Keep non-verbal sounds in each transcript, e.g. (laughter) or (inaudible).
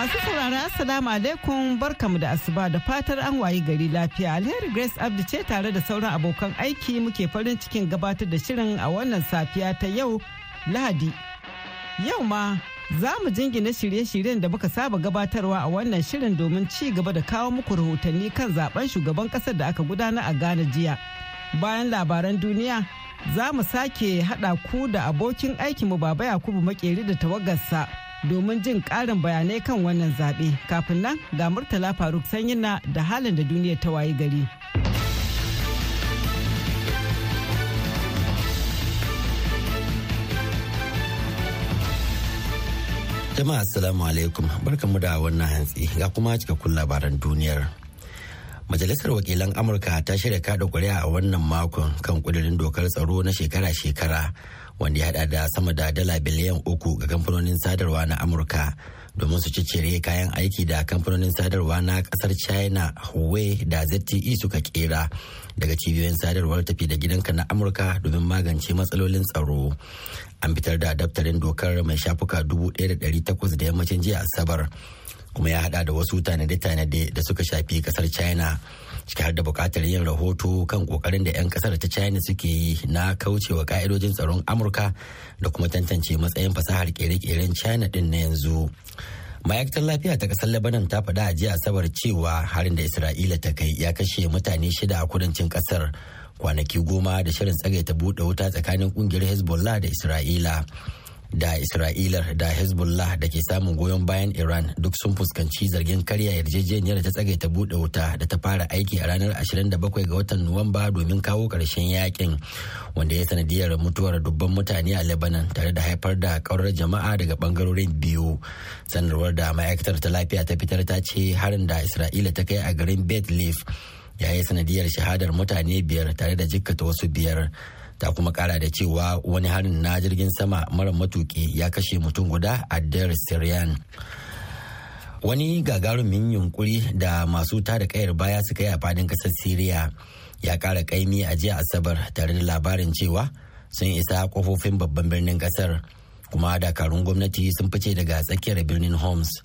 Masu saurara salamu alaikum barkamu da asuba da fatar an wayi gari lafiya alheri Grace Abdi ce tare da sauran abokan aiki muke farin cikin gabatar da shirin a wannan safiya ta yau Lahadi. Yau ma za mu jingina shirye-shiryen da muka saba gabatarwa a wannan shirin domin ci gaba da kawo muku rahotanni kan zaben shugaban kasar da aka gudana a Ghana jiya. Bayan labaran duniya, za mu sake haɗa ku da abokin aikinmu Baba Yakubu Makeri da tawagarsa. domin jin ƙarin bayanai kan wannan zaɓe kafin nan ga murtala faruk sanyina da halin da duniya ta wayi gari jama'a assalamu alaikum barkamu da wannan hantsi ga kuma cikakkun labaran duniyar majalisar wakilan amurka ta shirya kaɗa kuri'a a wannan makon kan kudirin dokar tsaro na shekara-shekara wanda ya hada da sama da dala biliyan uku ga kamfanonin sadarwa na amurka domin su cire kayan aiki da kamfanonin sadarwa na kasar china huawei da zte suka kera daga cibiyoyin sadarwar tafi da gidanka na amurka domin magance matsalolin tsaro an fitar da daftarin dokar mai shafuka dubu 1,800 da yammacin jiya asabar kuma ya hada da wasu tanade-tanade da suka shafi kasar china ciki har da buƙatar yin rahoto kan kokarin da 'yan ƙasar ta china suke yi na kaucewa ƙa'idojin tsaron amurka da kuma tantance matsayin fasahar ƙere keren china ɗin na yanzu ma'aikatar lafiya ta ƙasar labanan ta faɗa a jiya asabar cewa harin da isra'ila ta kai ya kashe mutane shida a kudancin ƙasar kwanaki goma da shirin tsagaita buɗe wuta tsakanin ƙungiyar hezbollah da isra'ila da isra'ila da hezbollah da ke samun goyon bayan iran duk sun fuskanci zargin karya yarjejeniyar da ta tsagaita bude wuta da ta fara aiki a ranar 27 ga watan nuwamba domin kawo karshen yakin wanda ya sanadiyar mutuwar dubban mutane a lebanon tare da haifar da kaurar jama'a daga bangarorin biyu sanarwar da ma'aikatar ta lafiya ta fitar ta ce harin da isra'ila ta kai a garin beth leaf ya yi sanadiyar shahadar mutane biyar tare da jikkata wasu biyar ta kuma kara da cewa wani harin na jirgin sama mara matuki ya kashe mutum guda a dar syrian wani gagarumin yunkuri da masu tada kayar baya suka yi a fadin kasar syria ya kara kaimi a jiya asabar tare da labarin cewa sun isa kofofin babban birnin kasar kuma dakarun gwamnati sun fice daga tsakiyar birnin homs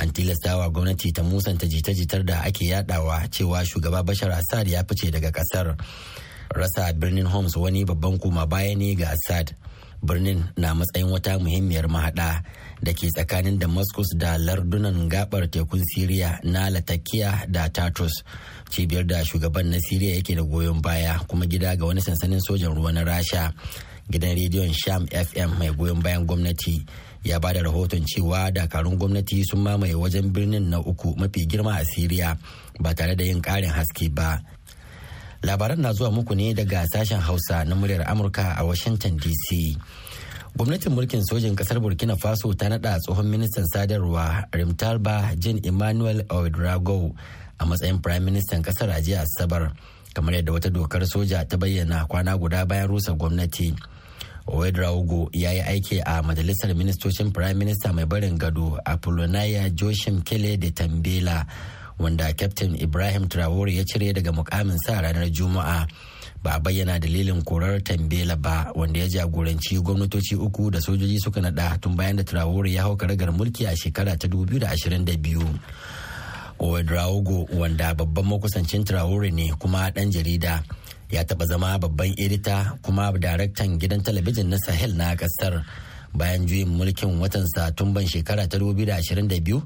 an tilastawa gwamnati ta musanta jita-jitar da ake yadawa cewa shugaba bashar assad ya fice daga kasar rasa birnin homs wani babban koma baya ne ga assad birnin na matsayin wata muhimmiyar mahada da ke tsakanin damascus da lardunan gabar tekun siriya na latakia da tartus cibiyar da shugaban na siriya yake da goyon baya kuma gida ga wani sansanin sojan ruwa na rasha gidan rediyon sham fm mai goyon bayan gwamnati ya ba da rahoton cewa dakarun gwamnati sun mamaye wajen birnin na uku mafi girma a siriya ba tare da yin karin haske ba labaran na zuwa muku ne daga sashen hausa na muryar amurka a washington dc gwamnatin mulkin sojin kasar burkina faso ta nada tsohon ministan sadarwa rimtalba jin emmanuel ouedraogo a matsayin prime ministan kasar a jiya asabar kamar yadda wata dokar soja ta bayyana kwana guda bayan rusa gwamnati ouedraogo ya yi aiki a majalisar ministocin prime minister mai barin gado apollonia joshim kele de tambela wanda Captain Ibrahim Traore ya cire daga mukamin sa ranar Juma'a. Ba a bayyana dalilin korar Tambela ba wanda ya jagoranci gwamnatoci uku da sojoji suka nada tun bayan da Traore ya hau karagar mulki a shekara ta 2022. Ouedraogo wanda babban makusancin Traore ne kuma ɗan jarida ya taɓa zama babban edita kuma daraktan gidan talabijin na Sahel na ƙasar bayan juyin mulkin watan Satumban shekara ta 2022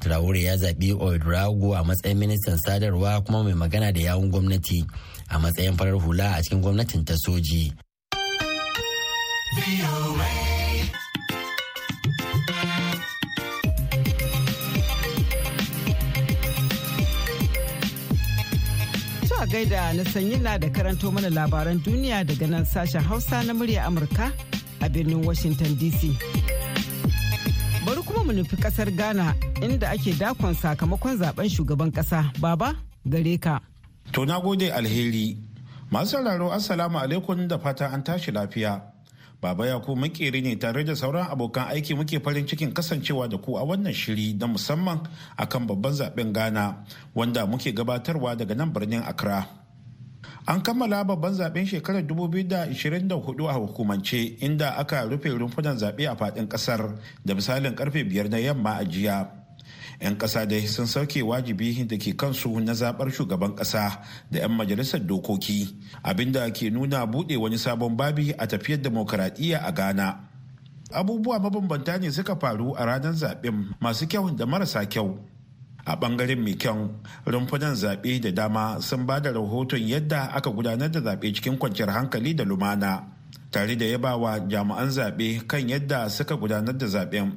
Traore ya zaɓi Oedrago a matsayin ministan sadarwa kuma mai magana da yawun gwamnati a matsayin farar hula a cikin gwamnatin ta soji. a gaida na sanyi na da karanto mana labaran duniya daga nan sashen hausa na murya amurka a birnin washington dc mu nufi kasar Ghana inda ake dakon sakamakon zaben shugaban kasa. Baba gare ka. To na gode alheri. Masu sauraro Assalamu alaikum da fata an tashi lafiya. Baba ku makeri ne tare da sauran abokan aiki muke farin cikin kasancewa da ku a wannan shiri na musamman akan babban zaben Ghana wanda muke gabatarwa daga nan birnin Accra. An kammala babban zaben shekarar 2024 a hukumance inda aka rufe rumfunan zaɓe a faɗin ƙasar da misalin karfe biyar na yamma a jiya. 'Yan ƙasa dai sun sauke wajibi da ke kansu na zaɓar shugaban ƙasa da 'yan majalisar dokoki abinda ke nuna buɗe wani sabon babi a tafiyar demokaradiyya a Ghana. Abubuwa mabambanta ne suka faru a ranar zaɓen masu kyau da marasa kyau. a bangaren mekong rumfunan zaɓe da dama sun ba da rahoton yadda aka gudanar da zaɓe cikin kwanciyar hankali da lumana tare da yaba wa jami'an zaɓe kan yadda suka gudanar da zaɓen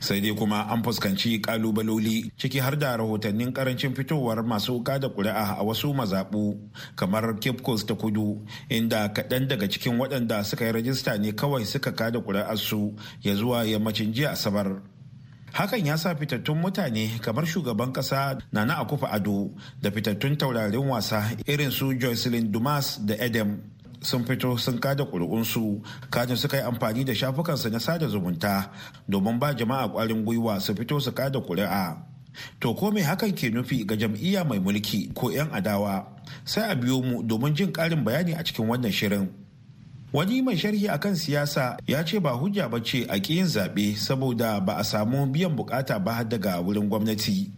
sai dai kuma an fuskanci kalubaloli ciki har da rahotannin karancin fitowar masu wuka da ƙuri'a a wasu mazaɓu kamar cape coast ta kudu inda kaɗan daga cikin waɗanda suka yi rajista ne kawai suka kada su ya zuwa yammacin jiya asabar hakan ya sa fitattun mutane kamar shugaban kasa nana akufa ado da fitattun taurarin wasa irin su jocelyn dumas da edem sun fito sun kada ƙuri'unsu kajin suka yi amfani da shafukansa na sada zumunta domin ba jama'a ƙwarin gwiwa su fito su kada ƙuri'a to ko me hakan ke nufi ga jam'iyya mai mulki ko 'yan adawa sai a biyo mu domin jin ƙarin bayani a cikin wannan shirin wani mai sharhi akan siyasa ya ce ba hujja ba ce a ƙiyin zaɓe saboda ba a samu biyan bukata ba daga wurin gwamnati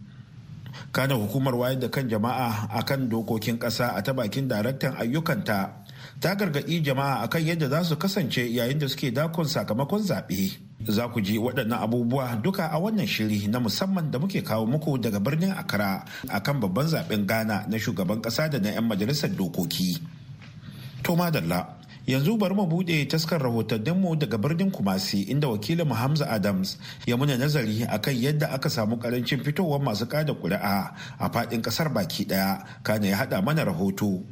kana hukumar wayar da kan jama'a akan dokokin ƙasa a ta bakin daraktan ayyukanta ta gargaɗi jama'a akan yadda za su kasance yayin da suke dakon sakamakon zaɓe za ku ji waɗannan abubuwa duka a wannan shiri na musamman da muke kawo muku daga birnin akara akan babban zaɓen ghana na shugaban ƙasa da na 'yan majalisar dokoki to madalla yanzu bari mu bude taskar mu daga birnin kumasi inda wakilin mu hamza adams ya muna nazari akan yadda aka samu karancin fitowar masu kada kuri'a a faɗin ƙasar baki ɗaya kana ya haɗa mana rahoto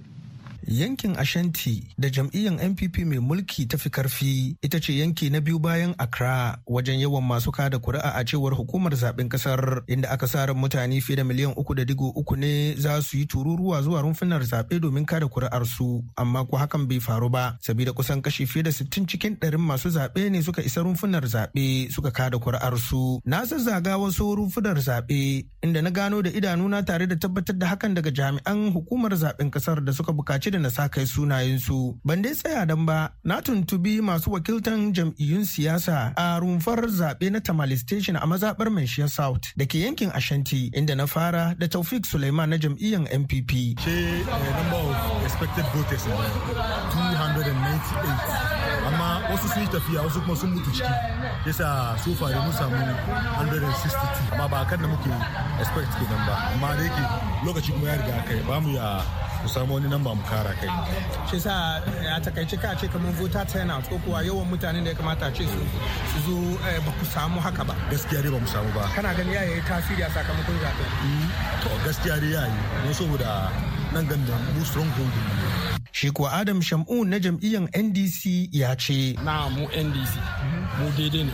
yankin ashanti da jam'iyyar npp mai mulki ta fi karfi ita ce yanki na biyu bayan accra wajen yawan masu kada kuri'a a cewar hukumar zaben kasar inda aka sa ran mutane fiye da miliyan uku da digo uku ne za su yi tururuwa zuwa rumfunar zaɓe domin kada kuri'ar su amma ko hakan bai faru ba sabida kusan kashi fiye da sittin cikin ɗarin masu zaɓe ne suka isa rumfunar zaɓe suka kada kuri'ar su na zazzaga wasu rumfunar zaɓe inda na gano da idanuna tare da tabbatar da hakan daga jami'an hukumar zaben kasar da suka buƙaci da da na sa kai sunayensu. Ban dai tsaya dan ba, na tuntubi masu wakiltan jam'iyyun siyasa a rumfar zaɓe na Tamale Station a mazaɓar Manshiya South da ke yankin Ashanti inda na fara da Taufik Suleiman na jam'iyyar NPP. She eh, number of expected voters 298. amma wasu sun yi tafiya wasu kuma sun mutu ciki yasa so far mun samu 162 amma ba kan da muke expect kenan ba amma da yake lokaci kuma ya riga kai ba mu ya mu samu wani namba mu kara a kai shi sa eh, a takaice ka ce kamar vota turnout ko kuwa yawan mutanen da ya kamata ce su zo eh, ba ku samu haka ba gaskiya dai ba mu samu ba kana gani ya yi tasiri a sakamakon zaɓe mm. to gaskiya dai ya yi don saboda nan ganda mu strong hold shi kuwa adam shamu na jam'iyyar ndc ya ce na mu ndc mu daidai ne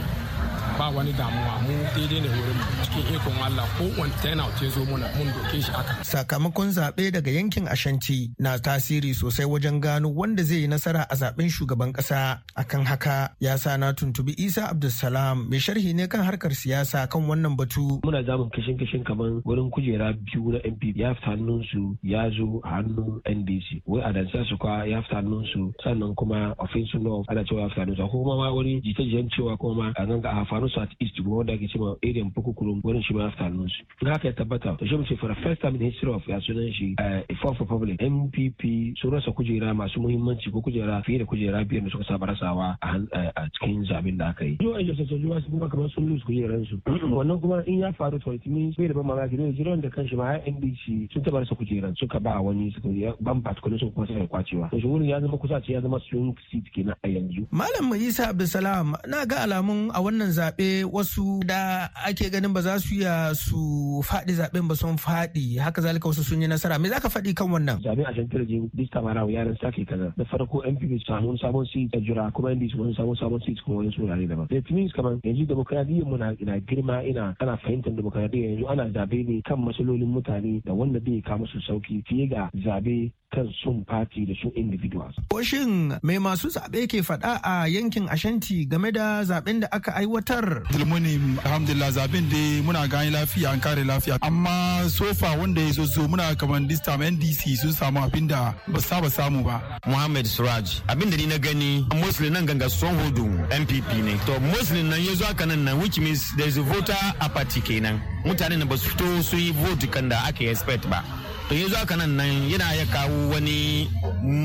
ba wani damuwa mu daidai ne wurin cikin ikon Allah ko wanda yana ce zo na mun doke shi aka. Sakamakon zaɓe daga yankin Ashanti na tasiri sosai wajen gano wanda zai yi nasara a zaɓen shugaban ƙasa. Akan haka ya sa na tuntubi Isa Abdulsalam mai sharhi ne kan harkar siyasa kan wannan batu. Muna zamun kishin kishin kaman wurin kujera biyu na NPP ya fita hannunsu ya zo hannun NDC. Wai a dan su kwa ya fita hannunsu sannan kuma ofinsu North ana cewa ya fita hannunsu. Ko kuma ma wani jita jiyan cewa kuma a ganga a hannun su at east kuma wanda ake cewa area bukukurum wurin shi ma after su in haka ya tabbata to shi mu ce for the first time in history of ya sunan shi eh, a for for public MPP sun rasa kujera masu muhimmanci ko kujera fiye da kujera biyar da suka saba rasawa a eh, cikin zaben da aka yi. Yau ayyuka sojoji wasu kuma kamar sun lose kujeran su (clears throat) wannan kuma in ya faru to it means bai da ban mamaki ne jiran da kanshi ma NDC sun taba rasa kujeran suka ba wani suka ban particular sun kuma sai kwacewa. To shi wurin ya zama kusa ce ya zama swing seat kenan a yanzu. Malam Isa Abdulsalam na ga alamun a wannan zaɓe zaɓe wasu da ake ganin ba za su iya su faɗi zaɓen ba sun faɗi haka zalika wasu sun yi nasara me za ka faɗi kan wannan. Zaɓen a shan tarjin dista mara yaran sake kaza da farko NPP su samu sabon seat a jura kuma NDC wani sabon sabon seat kuma wani surare daban. Da tunis kaman, yanzu demokradiyyar mu na girma ina ana fahimtar demokradiyyar yanzu ana zaɓe ne kan matsalolin mutane da wanda bai kawo musu sauki fiye ga zaɓe kan sun fati da su individuals. Ko shin mai masu zaɓe ke faɗa a yankin Ashanti game da zaɓen da aka aiwatar? Tulmuni alhamdulillah zaɓen dai muna gani lafiya an kare lafiya amma sofa wanda ya zo muna kamar this time NDC sun samu abin da ba saba samu ba. Muhammad Suraj abin da ni na gani Muslim nan ganga son hudu MPP ne. To Muslim nan ya zo aka nan nan which means there is a voter apathy kenan. Mutanen da ba su fito su yi vote kan da aka expect ba. to yanzu haka nan nan yana ya kawo wani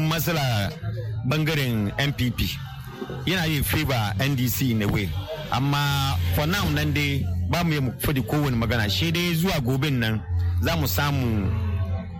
matsala bangaren npp yana yi fiba ndc ne way amma for now nan dai ba mu yi fadi kowane magana shi dai zuwa gobe nan za mu samu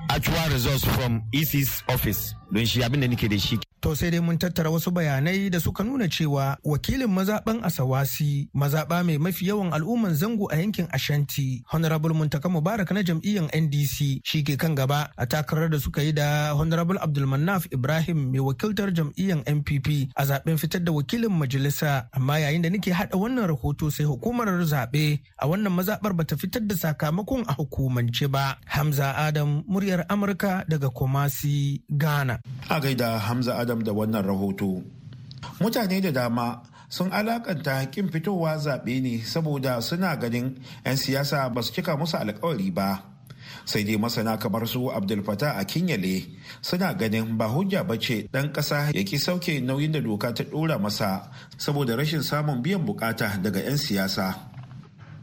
actual results from ec's office don shi abin da nake da shi To sai dai mun tattara wasu bayanai da suka nuna cewa wakilin mazaɓan Asawasi mazaɓa mai mafi yawan al'umman zango a yankin Ashanti Honorable Muntaka Mubarak na jam'iyyar NDC shi ke kan gaba a takarar da suka yi da Honorable Abdulmanaf Ibrahim mai wakiltar jam'iyyar NPP a zaben fitar da wakilin majalisa amma yayin da nake haɗa wannan rahoto sai hukumar zaɓe a wannan mazaɓar bata fitar da sakamakon a hukumance ba. Hamza Adam muryar Amurka daga Kumasi Ghana. A gaida Hamza Adam da wannan rahoto. Mutane da dama sun alakanta hakkin fitowa zaɓe ne saboda suna ganin 'yan siyasa ba su cika musu alkawari ba. Sai dai masana kamar su Abdul a Kinyale suna ganin ba hujja ba ce ɗan ƙasa ya ki sauke nauyin da doka ta ɗora masa saboda rashin samun biyan bukata daga 'yan siyasa.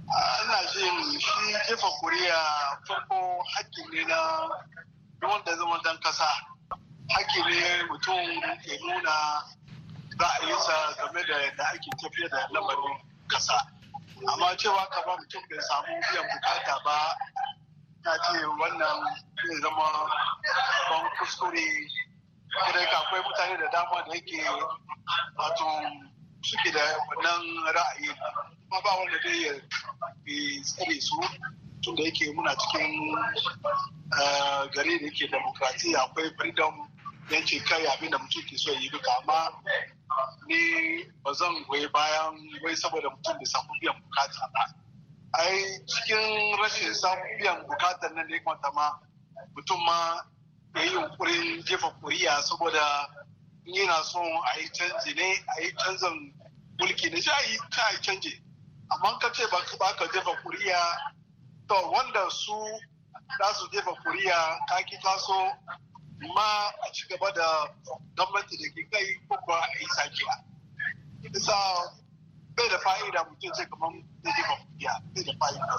Ana jin shi jefa kuriya farko hakkin ne na wanda zama ɗan ƙasa. hakki ne mutum ke nuna ra'ayinsa game da yadda ake tafiya da lamarin kasa amma cewa kama mutum bai samu biyan bukata ba ta ce wannan zai zama ban kuskure kuma ka akwai mutane da dama da yake wato suke da wannan ra'ayi kuma ba wanda zai ya tsare su tun da yake muna cikin eh, gari da yake demokratiya akwai freedom ya ce kai abin da mutum ke so yi duka amma ni ba zan goyi bayan wai saboda mutum da samu biyan bukata ba ai cikin rashin samu biyan bukatar nan da ya kwanta ma mutum ma ya yi yunkurin jefa kuriya saboda yana son a yi canji ne a yi canzan mulki ne sai a yi canji amma ka ce ba ka jefa kuriya to wanda su za su jefa kuriya ka ki taso ma a ci gaba da gwamnati da ke kai ko kuma a yi isa bai da fa'ida mutum sai kamar zai ba fiya bai da fa'ida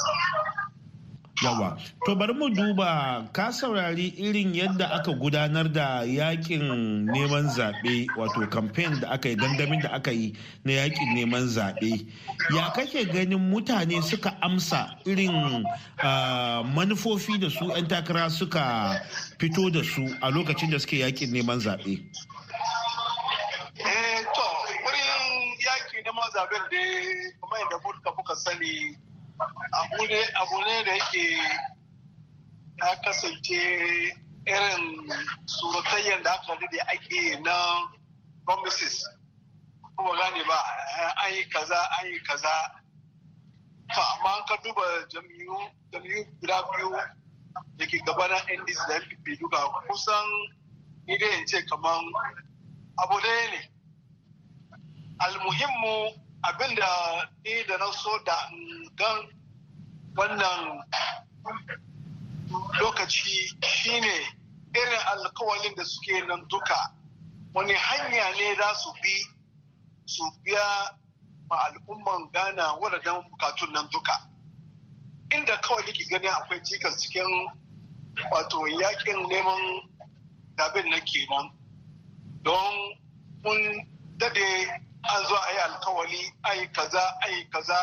yawa to bari mu duba ka saurari irin yadda aka gudanar da yakin neman zaɓe wato kamfen da aka yi gangamin da aka yi na yakin neman zaɓe ya kake ganin mutane suka amsa irin manufofi da su 'yan takara suka fito da su a lokacin da suke yakin neman zaɓe eh, to zaɓen da kuma yadda muka sani abu ne da yake ya kasance irin suratayyar da aka da ake na promises kuma gane ba an yi kaza an yi kaza to amma ka duba jam'iyyu guda biyu da ke gabanin ndc da fi duka kusan idan ce kamar abu ɗaya ne almuhimmu abinda ni da na so da don wannan lokaci shine irin alkawalin da suke nan duka wani hanya ne za su bi su biya ma al'umman ghana waɗannan bukatun nan duka inda kawai nake gani akwai cikin cikin wato yakin neman dabin na kenan don mun dade an zo a yi alkawali a kaza ayi kaza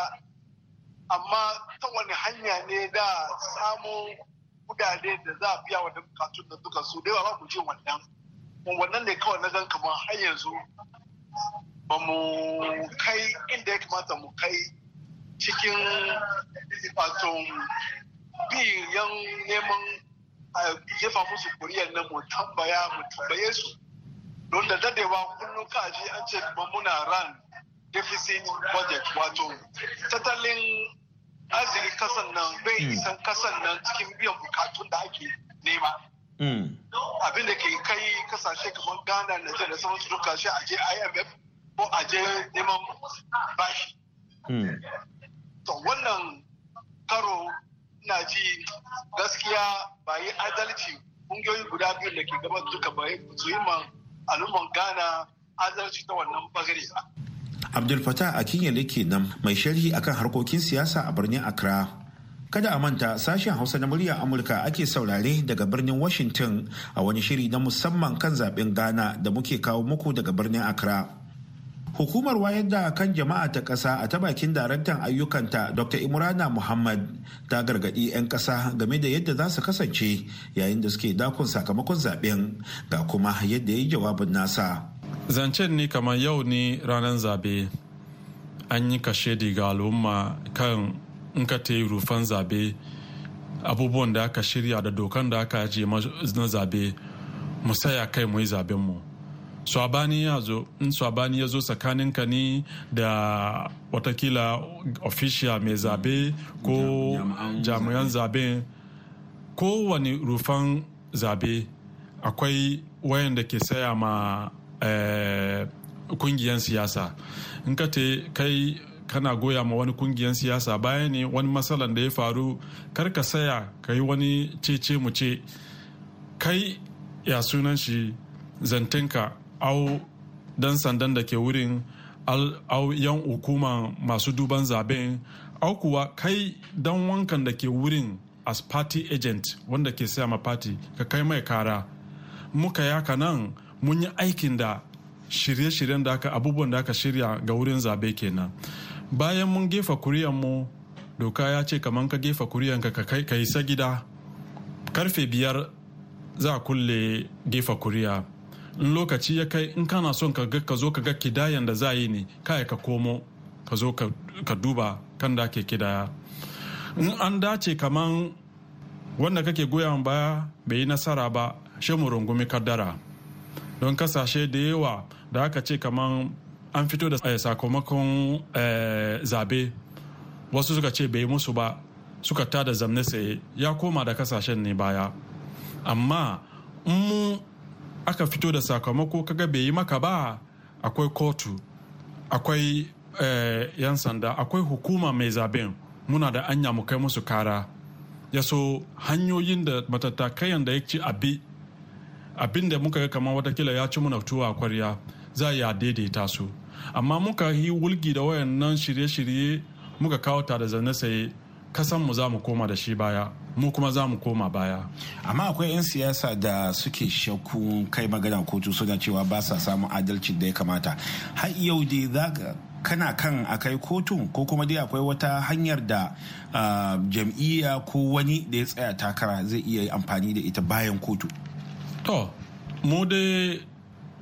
amma ta wani hanya ne da samun kudade da za a biya wani bukatun da duka su dai ba ku je wannan wannan ne kawai na gan ma har yanzu ba mu kai inda ya kamata mu kai cikin wato biyan neman jefa musu kuriyar nan mu tambaya mu tambaye su don da dadewa kullum kaji an ce kuma muna ran deficit budget wato tattalin arziki kasan nan bai hmm. isan kasan nan cikin biyan bukatun da ake nema. Hmm. Abin da ke kai kasashe kamar Ghana, Nigeria da sauransu duka shi a je IMF ko a je neman bashi. Hmm. To wannan karo na ji gaskiya ba yi adalci kungiyoyi guda biyu da ke gaban duka ba su yi ma al'umman Ghana adalci ta wannan bagare ba. Abdul Fattah ke kenan mai sharhi akan harkokin siyasa a birnin Accra. Kada a manta sashen Hausa na murya Amurka ake saurare daga birnin Washington a wani shiri na musamman kan zaben Ghana da muke kawo muku daga birnin Accra. Hukumar wayar da kan jama'a ta ƙasa a ta bakin daraktan ayyukanta Dr. Imrana Muhammad ta gargaɗi 'yan ƙasa game da yadda za su kasance yayin da suke dakon sakamakon zaben ga kuma yadda ya yi jawabin nasa. zancen ne kamar yau ne ranar zabe an yi kashe ga al'umma kan in ka ta rufan zabe abubuwan da aka shirya da dokan da aka je na zabe mu saya kai mu yi zabenmu swabani ya zo in swabani ya zo ka ni da watakila ofishiya mai zabe ko jami'an zabe kowane rufan zabe akwai wayan da ke saya ma Eh, kungiyan siyasa in ka te kai kana goya ma wani kungiyan siyasa bayan ne wani matsalan da ya faru kar ka saya ka yi wani cece mu ce kai ya sunan shi zantinka au dan sandan da ke wurin au yan hukuma masu duban zaben au kuwa kai dan wankan da ke wurin as party agent wanda ke saya ma party ka kai mai kara muka yaka nan mun yi aikin da shirye-shiryen da aka abubuwan da aka shirya ga wurin zabe kenan bayan mun gefa mu doka ya ce kamar ka gefa kuriyanka ka yi sa gida karfe biyar za a kulle gefa kuriya in lokaci ya kai in kana son ka zo ka ga kidayan da za yi ne kai ka komo ka zo ka duba kan da ke kidaya in an dace kaman wanda kake goyon baya bai yi nasara ba shi mu rungumi kaddara don kasashe da yawa da aka ce kamar an fito da eh, sakamakon eh, zabe wasu suka ce bai musu ba suka ta da zamne tsaye ya koma da kasashen ne baya amma mu aka fito da sakamako kaga bai yi maka ba akwai kotu akwai eh, yan sanda akwai hukuma mai zaben muna da anya mu kai musu kara ya so hanyoyin da matattakayan da ya ci abi abin da muka ga kamar watakila ya ci muna tuwa kwarya za ya daidaita su amma muka yi wulgi da wayannan shirye-shirye muka kawo ta da zane saye kasan mu za mu koma da shi baya mu kuma za mu koma baya amma akwai 'yan siyasa da suke shakku kai magana kotu suna cewa ba sa samun adalci da ya kamata har yau dai za kana kan akai kotun ko kuma dai akwai wata hanyar da ah, jam'iyya ko wani da ya tsaya takara zai iya amfani da ita bayan kotu to mu dai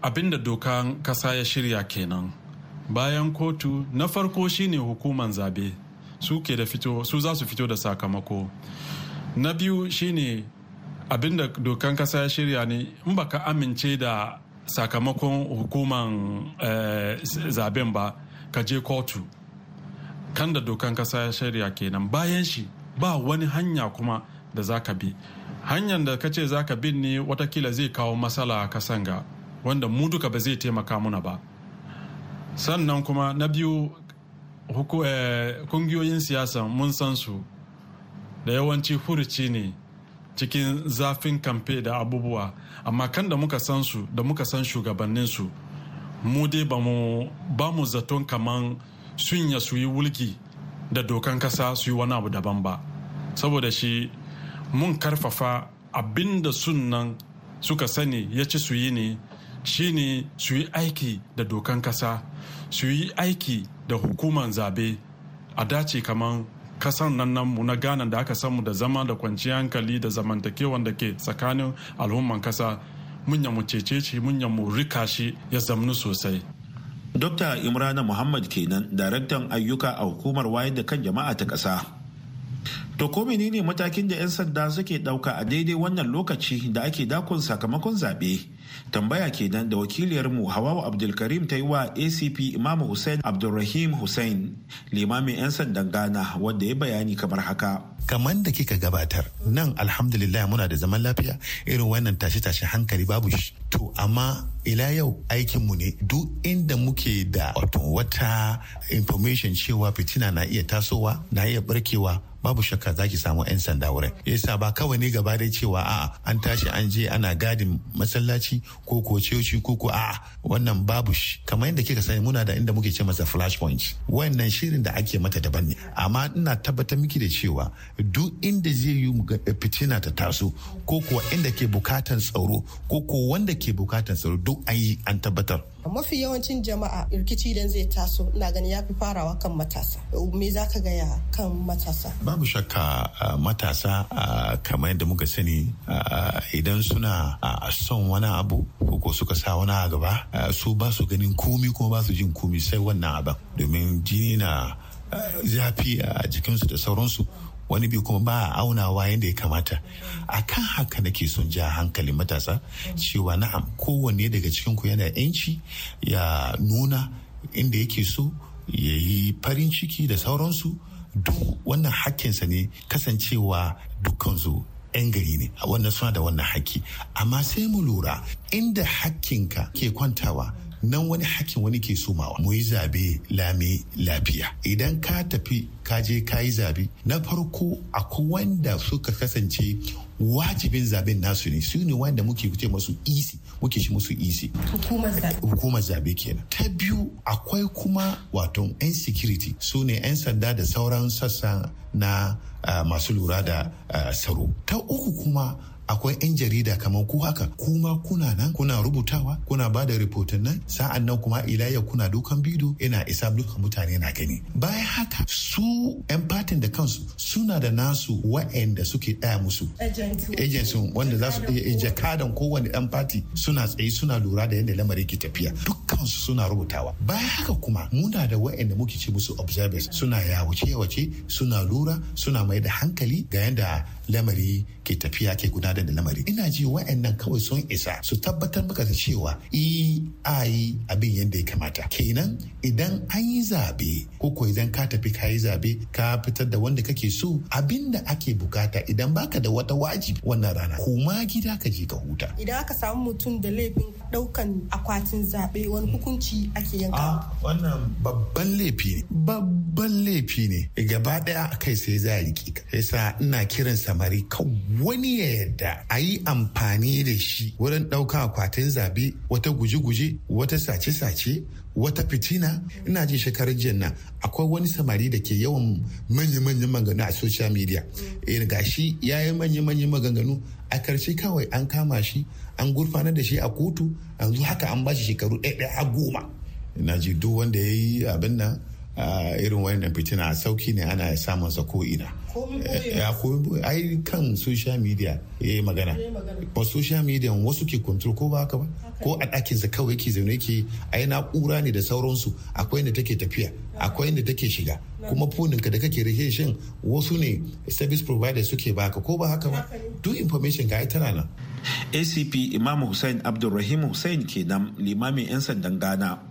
abinda dokan kasa ya shirya kenan bayan kotu na farko shine hukuman zabe su ke da fito su za su fito da sakamako na biyu shine abinda dokan kasa ya shirya ne in ka amince da sakamakon hukuman eh, zaben ba ka je kotu kan da dokan kasa ya shirya kenan bayan shi ba wani hanya kuma da za ka bi hanyar da ka ce za ka bin ne watakila zai kawo matsala ka sanga wanda mu duka ba zai taimaka muna ba sannan kuma na biyu eh, kungiyoyin siyasa mun san su da yawanci furuci ne cikin zafin kamfe da abubuwa amma kan da muka san su da muka san shugabannin su mu dai ba mu zaton kaman sunya su yi wulki da dokan kasa su yi wani abu daban ba saboda shi mun karfafa abin da sunan suka sani ya ci su yi ne shine su yi aiki da dokan kasa su yi aiki da hukuman zabe a dace kaman kasan nan nan mu na ghana da aka samu da zama da kwanciyar hankali da zamantakewan da ke tsakanin al'umman kasa munya mu cece shi munya mu rika shi ya zamnu sosai dr imrana muhammad kenan daraktan ayyuka a hukumar wayar da kan jama'a ta kasa To ko menene matakin da 'yan sanda suke ɗauka a daidai wannan lokaci da ake dakon sakamakon zaɓe? Tambaya kenan da wakiliyarmu Hawawa Abdulkarim ta yi wa ACP Imamu Hussein Abdulrahim Hussein, limamin 'yan sandan Ghana wanda ya bayani kamar haka. kamar da kika gabatar nan alhamdulillah muna da zaman lafiya irin wannan tashe tashi hankali babu shi to amma ila yau aikinmu ne duk inda muke da wata information cewa fitina na iya tasowa na iya barkewa babu shakka zaki samu 'yan sanda wurin yasa ba kawai ne gaba dai cewa a'a an tashi an je ana gadin masallaci ko ko coci ko ko a wannan babu shi kamar yadda kika sani muna da inda muke ce masa flash point wannan shirin da ake mata daban ne amma ina tabbatar miki da cewa duk inda zai yi fitina ta taso ko kuwa inda ke bukatan tsaro ko kuwa wanda ke bukatan tsaro duk an yi an tabbatar mafi yawancin jama'a rikici idan zai taso na gani ya fi farawa kan matasa me za ka gaya kan matasa babu shakka matasa kamar yadda muka sani idan suna son wani abu ko suka sa wani a gaba su ba su ganin komi kuma ba su jin komi sai wannan abin domin jini na zafi a jikinsu da sauransu wani bi kuma ba a aunawa yadda ya kamata a kan haka nake son ja hankali matasa cewa na'am kowanne daga cikinku yana yanci ya nuna inda yake so ya yi farin ciki da sauransu duk wannan hakkinsa ne kasancewa dukkansu 'yan gari ne wannan suna da wannan haki amma sai mu lura inda hakkinka ke kwantawa nan wani hakkin wani ke somawa mu yi zabe lami lafiya idan ka tafi ka je ka yi zabe na farko akwai wanda suka kasance wajibin zaben nasu ne su ne wanda muke kuce masu isi e muke shi musu isi hukumar zabe kenan ta biyu akwai kuma wato yan security su ne yan sanda da sauran sassa na ah, masu lura da ah, tsaro ta uku kuma akwai 'yan jarida kamar ku haka kuma kuna nan kuna rubutawa kuna ba da rahoton nan sa'an nan kuma ilayya kuna dukan bidiyo ina isa dukan mutane na gani bayan haka su 'yan fatin da kansu suna da nasu wa'anda suke ɗaya musu agency wanda za su iya eh, jakadan kowane 'yan fati suna tsaye suna lura da yadda lamarin ke tafiya dukkansu suna rubutawa bayan haka kuma muna da wa'anda muke ce musu observers suna yawace yawace suna lura suna mai da hankali ga yadda lamari ke tafiya ke gudanar da lamari ina ji wa'annan kawai sun isa su tabbatar maka da cewa i e, a yi abin yadda ya kamata kenan idan an yi zabe ko ko idan ka tafi ka yi zabe ka fitar da wanda kake so abin da ake bukata idan baka da wata wajibi wannan rana kuma gida ka je ka huta idan aka samu mutum da laifin daukan akwatin zabe wani hukunci ake yanka wannan babban laifi ne babban laifi ne gaba daya kai sai za a riƙe ka yasa ina kiransa kamari kan wani ya yadda a yi amfani da shi wurin ɗauka akwatin zabe wata guje-guje wata sace-sace wata fitina ina jin shekarar jiya nan akwai wani samari da ke yawan manya-manyan maganganu a social media eh, ga shi ya yi manya-manyan maganganu a karshe kawai an kama shi an gurfana da shi a kotu yanzu haka an ba shi shekaru ɗaya a goma ina ji duk wanda ya yi abin nan irin wannan fitina sauki ne ana samun sa ko ina ya komi eh, ai kan social media ya yi magana ba social media wasu ke kontro ko ba haka ba ko a ɗakin sa kawai ke zaune ke ai na'ura ne da sauransu akwai inda take tafiya akwai inda take shiga kuma fonin ka da kake rike shin wasu ne service provider suke baka ko ba haka ba duk information ga ai tana nan acp imam hussein abdulrahim hussein kenan limamin 'yan sandan ghana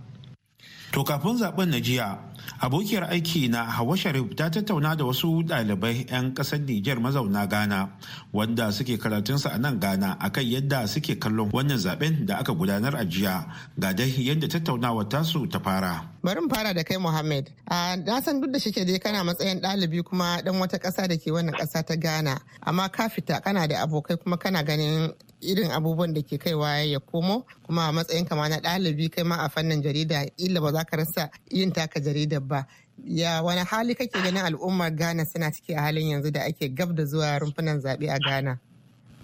to kafin zaben na jiya abokiyar aiki na hawa sharif ta tattauna da wasu dalibai 'yan kasar nijar mazauna ghana wanda suke karatunsa a nan ghana akan yadda suke kallon wannan zaben da aka gudanar a jiya ga dai yadda tattaunawa tasu ta fara bari mu fara da kai muhammed na san duk da shike dai kana matsayin dalibi kuma dan wata kasa da ke wannan kasa ta Ghana. Amma ka fita kana da abokai kuma kana ganin irin abubuwan da ke kaiwa ya komo kuma a matsayin kama na ɗalibi kai ma a fannin jarida illa ba za ka rasa yin taka jarida dabba ya wani hali kake ganin al'ummar ghana suna ciki a halin yanzu da ake gab da zuwa rumfunan zaɓe a ghana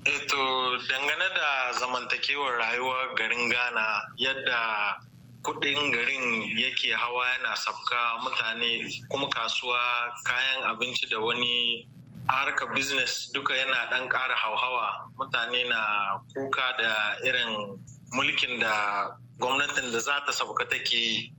eto eh dangane da zamantakewar rayuwar garin ghana yadda kudin garin yake hawa yana sabka mutane kuma kasuwa kayan abinci da wani harka business duka yana dan ƙara hauhawa mutane na kuka da irin mulkin da gwamnatin da za ta sauka take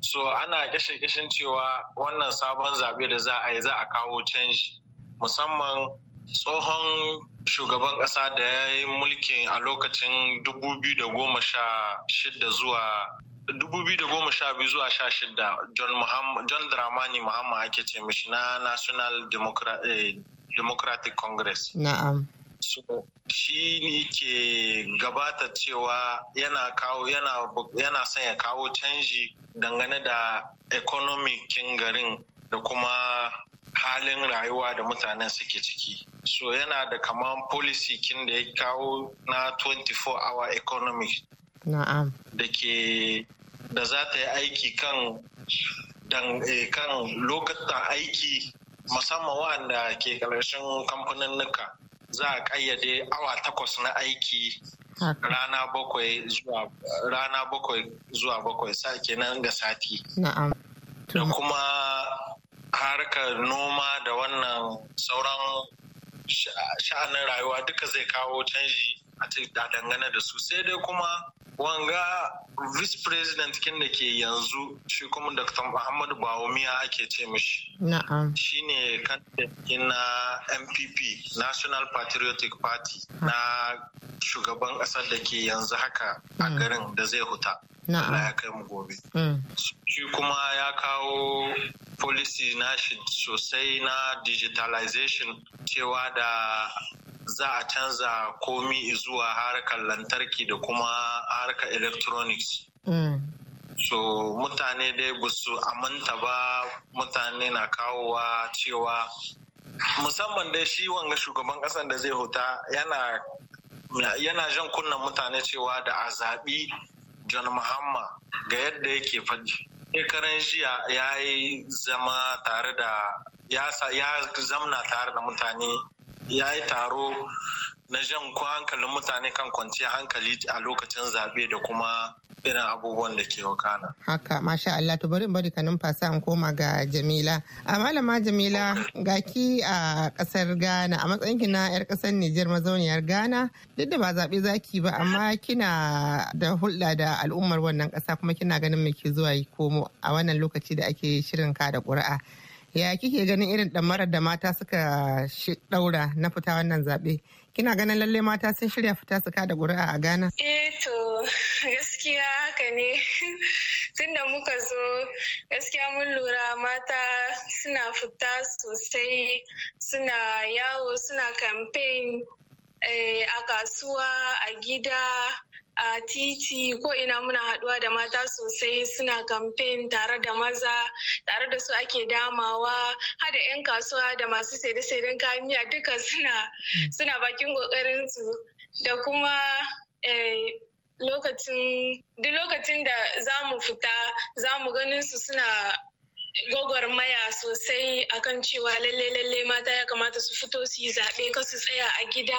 so ana kashe kashin cewa wannan sabon zabe da za a yi za a kawo canji musamman tsohon shugaban ƙasa da ya yi mulkin a lokacin 2016 zuwa 2012 zuwa 16 John, John Dramani Muhammad ake ce mishi na National Democratic, eh, Democratic Congress. Na'am. So, shi ne ke gabata cewa yana kawo yana, yana son ya kawo canji dangane da ekonomikin garin da kuma halin rayuwa da mutanen suke ciki. So yana da kaman policy kin da ya kawo na 24-hour economy. Na'am. Da ke da za ta yi aiki kan dan eh, kan lokacin aiki musamman waɗanda ke ƙarshen kamfanin nuka za a kayyade awa takwas na aiki rana bakwai zuwa rana bakwai zuwa bakwai sa kenan ga sati da kuma harkar noma da wannan sauran sha'anin rayuwa duka zai kawo canji a dangane da su sai dai kuma wanga vice president kin da ke yanzu shi kuma dr muhammadu bawumiya ake ce mishi shi ne kandidatin na mpp national patriotic party na shugaban kasar da ke yanzu haka a hmm. garin da zai huta Allah ya kai mu gobe hmm. shi kuma ya kawo policy na shi sosai na digitalization cewa da za a canza komi zuwa harkar lantarki da kuma harka electronics. Mm. so mutane dai ba su aminta ba mutane na kawowa cewa musamman dai shi wanga shugaban kasan da zai huta yana yana jan kunnan mutane cewa da a zaɓi john mahamma ga yadda yake faɗi shekaran jiya ya yi zama tare da ya zamna tare da mutane ya yi taro na jan ko hankalin mutane kan kwanciya hankali a lokacin zaɓe da kuma irin abubuwan da ke wakana. Haka, masha Allah, to bari bari ka numfasa an koma ga Jamila. A malama Jamila, gaki a ƙasar Ghana, a matsayin ki na 'yar ƙasar Nijar mazauniyar Ghana, duk da ba zaɓe zaki ba, amma kina da hulɗa da al'ummar wannan ƙasa kuma kina ganin me ke zuwa yi komo a wannan lokaci da ake shirin ka da ƙuri'a. ya kike ganin irin ɗamarar da mata suka ɗaura na fita wannan zaɓe kina ganin lalle mata sun shirya fita su kada ƙuri'a a ghana eh to gaskiya haka ne (laughs) tun da muka zo gaskiya mun lura mata suna fita sosai suna yawo suna campaign eh, a kasuwa a gida a titi ko ina muna haduwa da mata sosai suna kamfen tare da maza tare da su ake damawa hada 'yan kasuwa da masu saide-saiden kayan duka mm. suna bakin kokarin su da kuma eh, lokacin duk lokacin da za mu fita za mu ganin su suna maya sosai akan cewa lalle lalle mata ya kamata su fito su yi zaɓe ka su tsaya a gida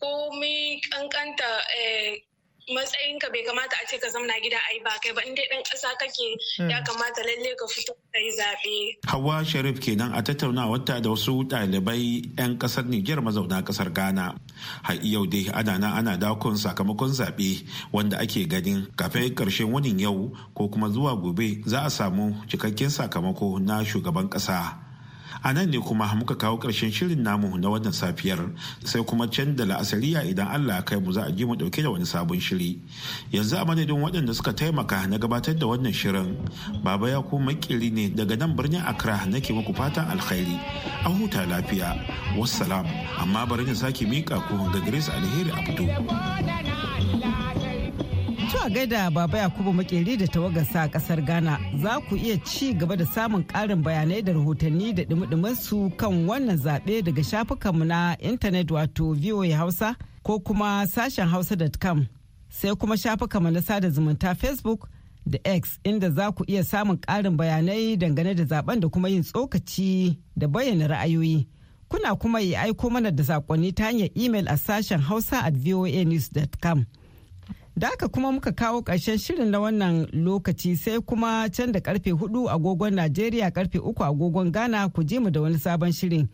ko komai kankanta eh, matsayinka bai kamata a ce ka zamna gida ai ba kai ba in dai dan ƙasa kake ya hmm. kamata lalle ka fito ka yi zaɓe. Hawa Sharif kenan a tattaunawar ta da wasu ɗalibai 'yan ƙasar Nijar mazauna ƙasar Ghana. Har yau dai ana na ana dakon sakamakon zaɓe wanda ake ganin kafin karshen wani yau ko kuma zuwa gobe za a samu cikakken sakamako na shugaban ƙasa. a nan ne kuma muka kawo ƙarshen shirin namu na wannan safiyar sai kuma can da la'asariya idan allah ya kai mu za a ji mu ɗauke da wani sabon shiri yanzu a madadin waɗanda suka taimaka na gabatar da wannan shirin baba ya ku makiri ne daga nan birnin accra nake muku fatan alkhairi an huta lafiya wassalam amma bari na sake miƙa ku ga grace alheri abdu To a gaida Baba Yakubu Makeri da tawagarsa a kasar Ghana za ku iya ci gaba da samun ƙarin bayanai da rahotanni da dumi su kan wannan zaɓe daga shafukanmu na intanet wato VOA Hausa ko kuma sashen hausa.com sai kuma shafukanmu na sada zumunta Facebook da X inda za ku iya samun ƙarin bayanai dangane da zaben da kuma yin tsokaci da bayyana ra'ayoyi. Kuna kuma yi aiko mana da saƙonni ta hanyar email a sashen hausa at voanews.com. Da kuma muka kawo ƙarshen shirin na wannan lokaci sai kuma can da karfe hudu agogon Najeriya karfe uku agogon Ghana ku je mu da wani sabon shirin.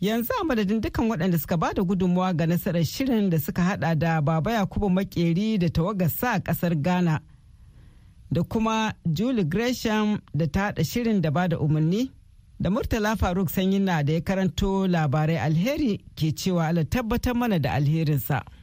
Yanzu a madadin dukkan waɗanda suka ba da gudunmawa ga nasarar shirin da suka hada da Baba Yakubu Makeri da tawagar sa ƙasar Ghana da kuma Julie Gresham da ta haɗa shirin da ba da umarni da Murtala Faruk Sanyi na da ya karanto labarai alheri ke cewa ala tabbatar mana da alherinsa.